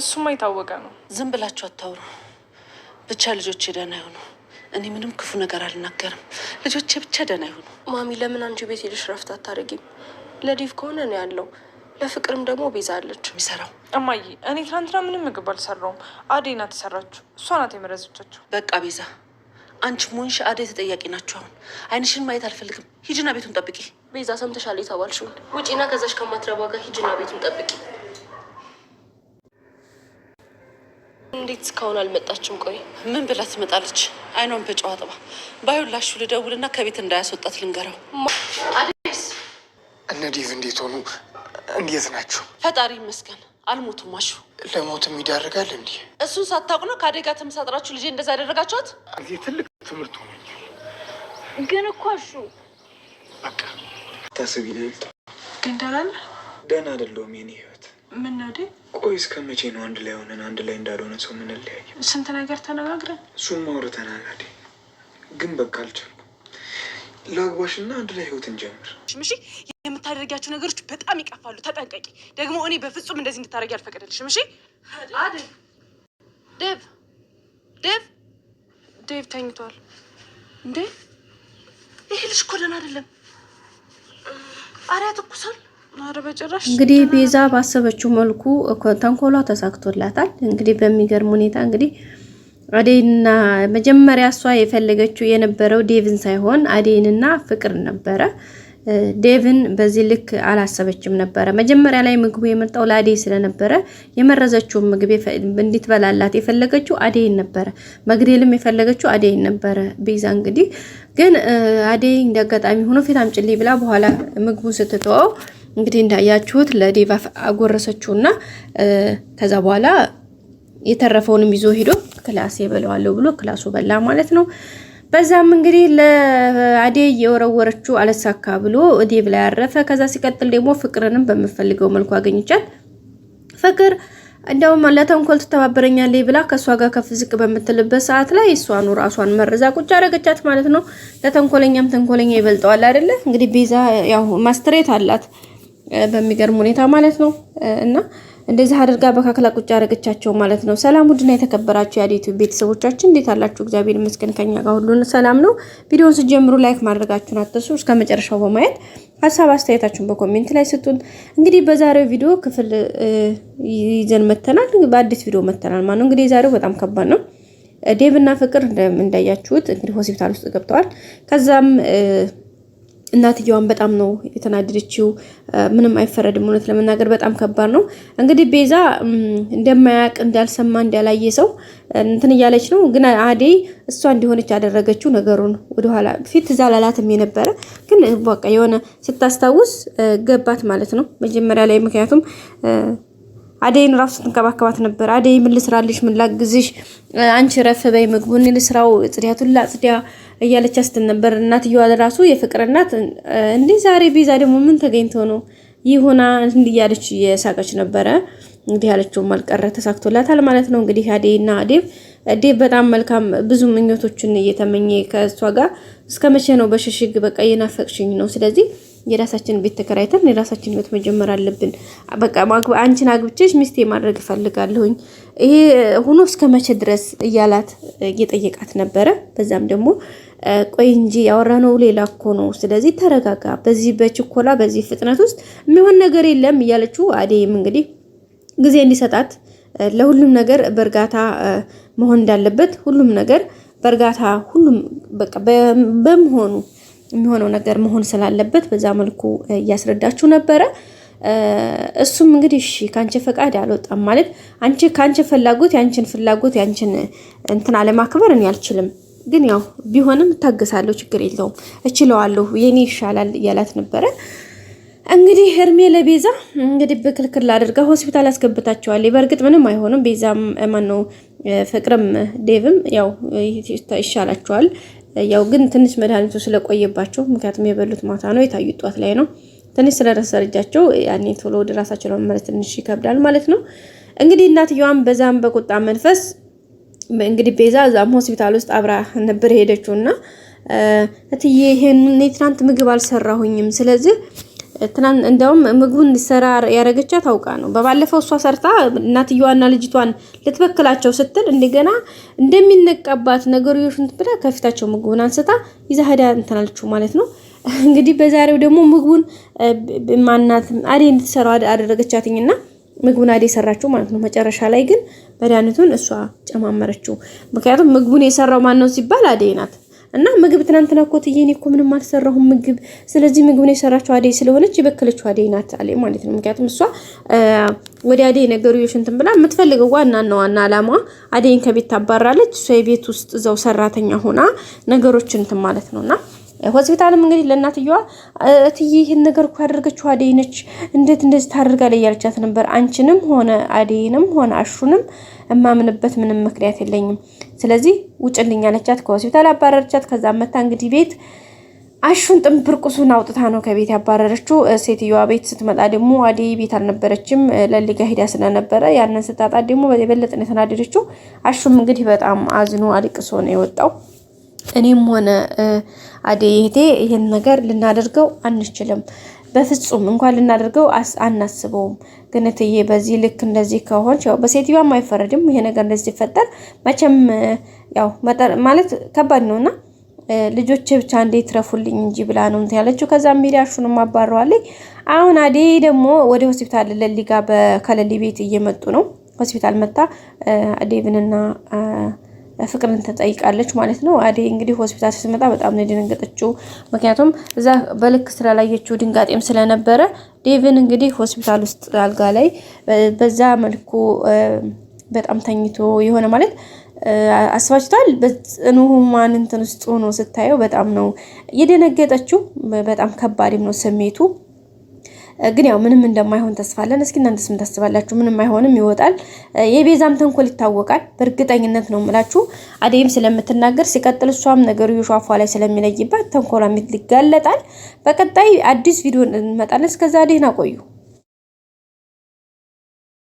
እሱማ የታወቀ ነው። ዝም ብላችሁ አታውሩ። ብቻ ልጆቼ ደህና ይሁኑ። እኔ ምንም ክፉ ነገር አልናገርም። ልጆቼ ብቻ ደህና ይሁኑ። ማሚ፣ ለምን አንቺ ቤት ሄደሽ ረፍት አታደርጊም? ለዲቭ ከሆነ ነው ያለው፣ ለፍቅርም ደግሞ ቤዛ አለች የሚሰራው። እማዬ፣ እኔ ትናንትና ምንም ምግብ አልሰራውም። አዴ ናት የሰራችሁ፣ እሷ ናት የመረዘቻችሁ። በቃ ቤዛ አንቺ ሙንሽ አደይ ተጠያቂ ናቸው አሁን አይንሽን ማየት አልፈልግም። ሂጅና ቤቱን ጠብቂ። ቤዛ ሰምተሻል የተባልሽውን ውጪና ከዛሽ ከማትረባ ጋር ሂጅና ቤቱን ጠብቂ። እንዴት እስካሁን አልመጣችም? ቆይ ምን ብላ ትመጣለች? አይኗን በጨዋ ጥባ ባይሁላሹ ልደውልና ከቤት እንዳያስወጣት ልንገረው። እነ እነዲህ እንዴት ሆኑ? እንዴት ናቸው? ፈጣሪ ይመስገን። አልሞትም። አሹ ለሞትም ይዳርጋል እንዲህ እሱን ሳታውቅ ነው ከአደጋ ተመሳጥራችሁ ልጄ እንደዛ ያደረጋችኋት። እዚህ ትልቅ ትምህርት ሆኖኛል። ግን እኮ አሹ በቃ ታስቢ ልልት ግን ደህና ደህና አይደለሁም። የኔ ህይወት ምን ነው ዴ? ቆይ እስከ መቼ ነው አንድ ላይ ሆነን አንድ ላይ እንዳልሆነ ሰው ምንለያየ? ስንት ነገር ተነጋግረን እሱም ማውረተናል። ግን በቃ አልችልም ላግባሽና አንድ ላይ ህይወት እንጀምር። ሽምሺ የምታደርጊያቸው ነገሮች በጣም ይቀፋሉ፣ ተጠንቀቂ። ደግሞ እኔ በፍጹም እንደዚህ እንድታደርጊ አልፈቀደልሽም። እሺ አይደል? ዴቭ ዴቭ ዴቭ ተኝቷል እንዴ? ይሄ ልጅ እኮ ደህና አይደለም። አሪያ ትኩሳል። እንግዲህ ቤዛ ባሰበችው መልኩ ተንኮሏ ተሳክቶላታል። እንግዲህ በሚገርም ሁኔታ እንግዲህ አዴይና መጀመሪያ እሷ የፈለገችው የነበረው ዴቭን ሳይሆን አዴይንና ፍቅር ነበረ። ዴቭን በዚህ ልክ አላሰበችም ነበረ። መጀመሪያ ላይ ምግቡ የመጣው ለአዴይ ስለነበረ የመረዘችውን ምግብ እንዲትበላላት የፈለገችው አዴይን ነበረ። መግደልም የፈለገችው አዴይን ነበረ። ቤዛ እንግዲህ ግን አዴይ እንዳጋጣሚ ሆኖ ፊት አምጪልኝ ብላ በኋላ ምግቡን ስትተወው እንግዲህ እንዳያችሁት ለዴቭ አጎረሰችውና ከዛ በኋላ የተረፈውንም ይዞ ሄዶ ክላስ የበለዋለሁ ብሎ ክላሱ በላ ማለት ነው። በዛም እንግዲህ ለአዴ የወረወረችው አለሳካ ብሎ ዴቭ ላይ ያረፈ። ከዛ ሲቀጥል ደግሞ ፍቅርንም በምፈልገው መልኩ አገኝቻል። ፍቅር እንደውም ለተንኮል ትተባበረኛለች ብላ ከእሷ ጋር ከፍ ዝቅ በምትልበት ሰዓት ላይ እሷኑ ራሷን መርዛ ቁጭ አደረገቻት ማለት ነው። ለተንኮለኛም ተንኮለኛ ይበልጠዋል አይደለ? እንግዲህ ቤዛ ያው ማስትሬት አላት በሚገርም ሁኔታ ማለት ነው እና እንደዚህ አድርጋ በካክላ ቁጭ አደረገቻቸው ማለት ነው። ሰላም ውድና የተከበራችሁ የአዴቱ ቤተሰቦቻችን እንዴት አላችሁ? እግዚአብሔር ይመስገን ከኛ ጋር ሁሉን ሰላም ነው። ቪዲዮውን ስጀምሩ ላይክ ማድረጋችሁን አትርሱ። እስከ መጨረሻው በማየት ሀሳብ አስተያየታችሁን በኮሜንት ላይ ስጡን። እንግዲህ በዛሬው ቪዲዮ ክፍል ይዘን መተናል። በአዲስ ቪዲዮ መተናል ማለት ነው። እንግዲህ የዛሬው በጣም ከባድ ነው። ዴቭ እና ፍቅር እንዳያችሁት እንግዲህ ሆስፒታል ውስጥ ገብተዋል። ከዛም እናትየዋን በጣም ነው የተናደደችው። ምንም አይፈረድም። እውነት ለመናገር በጣም ከባድ ነው። እንግዲህ ቤዛ እንደማያቅ እንዳልሰማ፣ እንዳላየ ሰው እንትን እያለች ነው። ግን አዴ እሷ እንዲሆነች ያደረገችው ነገሩን ወደኋላ ፊት ትዝ አላላትም የነበረ ግን በቃ የሆነ ስታስታውስ ገባት ማለት ነው መጀመሪያ ላይ ምክንያቱም አደይን ራሱ ስትንከባከባት ነበር። አደይ ምን ልስራልሽ፣ ምን ላግዝሽ፣ አንቺ ረፍ በይ፣ ምግቡን ልስራው፣ ጽዳቱን ላጽዳ እያለች አስትን ነበር። እናትየዋ ራሱ የፍቅር እናት እንዲህ ዛሬ ቤዛ ደግሞ ምን ተገኝቶ ነው ይሁና እንዲህ እያለች የሳቀች ነበረ። እንግዲህ ያለችውም አልቀረ ተሳክቶላታል ማለት ነው። እንግዲህ አዴና ዴቭ ዴቭ በጣም መልካም ብዙ ምኞቶችን እየተመኘ ከእሷ ጋር እስከ መቼ ነው በሽሽግ በቃ የናፈቅሽኝ ነው ስለዚህ የራሳችን ቤት ተከራይተን የራሳችን ህይወት መጀመር አለብን። በቃ አንቺን አግብቼሽ ሚስቴ ማድረግ እፈልጋለሁኝ ይሄ ሆኖ እስከ መቼ ድረስ እያላት እየጠየቃት ነበረ። በዛም ደግሞ ቆይ እንጂ ያወራነው ሌላ እኮ ነው፣ ስለዚህ ተረጋጋ፣ በዚህ በችኮላ በዚህ ፍጥነት ውስጥ የሚሆን ነገር የለም እያለችው አዴም እንግዲህ ጊዜ እንዲሰጣት ለሁሉም ነገር በእርጋታ መሆን እንዳለበት ሁሉም ነገር በእርጋታ ሁሉም በቃ በመሆኑ የሚሆነው ነገር መሆን ስላለበት በዛ መልኩ እያስረዳችሁ ነበረ። እሱም እንግዲህ እሺ ከአንቺ ፈቃድ አልወጣም ማለት አንቺ ከአንቺ ፍላጎት የአንቺን ፍላጎት የአንቺን እንትን አለማክበር እኔ አልችልም፣ ግን ያው ቢሆንም እታገሳለሁ፣ ችግር የለውም እችለዋለሁ፣ የኔ ይሻላል እያላት ነበረ። እንግዲህ እርሜ ለቤዛ እንግዲህ በክልክል አድርጋ ሆስፒታል ያስገብታቸዋል። በእርግጥ ምንም አይሆንም። ቤዛም ማነው ፍቅርም ዴቭም ያው ይሻላቸዋል ያው ግን ትንሽ መድኃኒቱ ስለቆየባቸው ምክንያቱም የበሉት ማታ ነው የታዩት ጧት ላይ ነው። ትንሽ ስለረሰረጃቸው ያኔ ቶሎ ወደ ራሳቸው ለመመለስ ትንሽ ይከብዳል ማለት ነው። እንግዲህ እናትየዋም በዛም በቁጣ መንፈስ እንግዲህ ቤዛ እዛም ሆስፒታል ውስጥ አብራ ነበር የሄደችው እና እትዬ ይህን ትናንት ምግብ አልሰራሁኝም ስለዚህ ትናንት እንደውም ምግቡን እንዲሰራ ያደረገቻት አውቃ ነው። በባለፈው እሷ ሰርታ እናትየዋና ልጅቷን ልትበክላቸው ስትል እንደገና እንደሚነቃባት ነገርዮሹን ብላ ከፊታቸው ምግቡን አንስታ ይዛ ሄዳ እንትን አለችው ማለት ነው። እንግዲህ በዛሬው ደግሞ ምግቡን ማናት አዴ እንድትሰራ አደረገቻትኝና ምግቡን አዴ ሰራችው ማለት ነው። መጨረሻ ላይ ግን መድኃኒቱን እሷ ጨማመረችው። ምክንያቱም ምግቡን የሰራው ማን ነው ሲባል አዴ ናት። እና ምግብ ትናንትና እኮ ትዬ እኔ እኮ ምንም አልሰራሁም ምግብ። ስለዚህ ምግብ ነው የሰራችው አደይ ስለሆነች የበከለችው አደይ ናት አለ ማለት ነው። ምክንያቱም እሷ ወደ አደይ ነገሩ የሽንትን ብላ የምትፈልገው ዋና ነው ዋና አላማ አደይን ከቤት ታባራለች። እሷ የቤት ውስጥ እዛው ሰራተኛ ሆና ነገሮችን እንትን ማለት ነው እና ሆስፒታልም እንግዲህ ለእናትየዋ እትዬ ይህን ነገር እኮ ያደረገችው አደይ ነች፣ እንዴት እንደዚህ ታደርጋለች እያለቻት ነበር። አንቺንም ሆነ አደይንም ሆነ አሹንም እማምንበት ምንም ምክንያት የለኝም ስለዚህ ውጭልኝ ያለቻት ከሆስፒታል አባረረቻት። ከዛ መታ እንግዲህ ቤት አሹን ጥም ብርቁሱን አውጥታ ነው ከቤት ያባረረችው። ሴትዮዋ ቤት ስትመጣ ደግሞ አደይ ቤት አልነበረችም፣ ለሊጋ ሂዳ ስለነበረ ያንን ስታጣ ደግሞ የበለጠ ነው የተናደደችው። አሹም እንግዲህ በጣም አዝኖ አልቅሶ ነው የወጣው። እኔም ሆነ አደይ እህቴ ይህን ነገር ልናደርገው አንችልም በፍጹም እንኳን ልናደርገው አናስበውም። ግን እትዬ በዚህ ልክ እንደዚህ ከሆን ያው በሴትዮዋም አይፈረድም። ይሄ ነገር እንደዚህ ሲፈጠር መቼም ያው ማለት ከባድ ነውና ልጆች ብቻ እንዴ ትረፉልኝ እንጂ ብላ ነው እንትን ያለችው። ከዛ ሚዲያሹንም አባረዋለኝ። አሁን አዴ ደግሞ ወደ ሆስፒታል ለሊጋ በከለሊ ቤት እየመጡ ነው። ሆስፒታል መታ ዴቭንና ፍቅርን ተጠይቃለች ማለት ነው። አዴ እንግዲህ ሆስፒታል ስትመጣ በጣም ነው የደነገጠችው። ምክንያቱም እዛ በልክ ስላላየችው ድንጋጤም ስለነበረ ዴቭን እንግዲህ ሆስፒታል ውስጥ አልጋ ላይ በዛ መልኩ በጣም ተኝቶ የሆነ ማለት አስባችቷል። በጽኑ ህሙማን እንትን ውስጥ ሆኖ ስታየው በጣም ነው የደነገጠችው። በጣም ከባድም ነው ስሜቱ። ግን ያው ምንም እንደማይሆን ተስፋለን። እስኪ እናንተስ ምን ታስባላችሁ? ምንም አይሆንም፣ ይወጣል። የቤዛም ተንኮል ይታወቃል፣ በእርግጠኝነት ነው የምላችሁ። አደይም ስለምትናገር ሲቀጥል፣ እሷም ነገር የሸፏ ላይ ስለሚለይባት ተንኮሏ ይጋለጣል። በቀጣይ አዲስ ቪዲዮ እንመጣለን። እስከዛ ደህና ቆዩ።